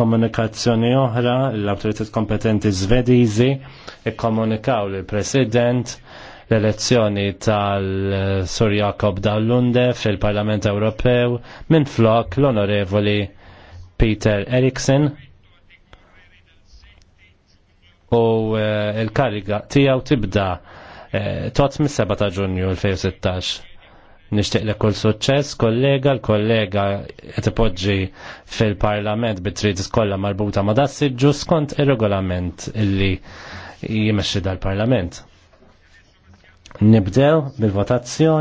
Komunikazzjoni oħra, l-autoritet kompetenti Żvediżi, ikkomunikaw li president l-elezzjoni tal-Sur Jakob Dallunde fil-Parlament Ewropew minn flok l-Onorevoli Peter Eriksen u eh, l kariga tijaw tibda eh, tot mis-7 ta' ġunju 2016. Nishtiq li kull suċċess, kollega, l-kollega qed ipoġġi fil-Parlament bit-trid kollha marbuta ma' dassiġġu skont ir-regolament illi jimexxi dal-Parlament. Nibdew bil-votazzjoni.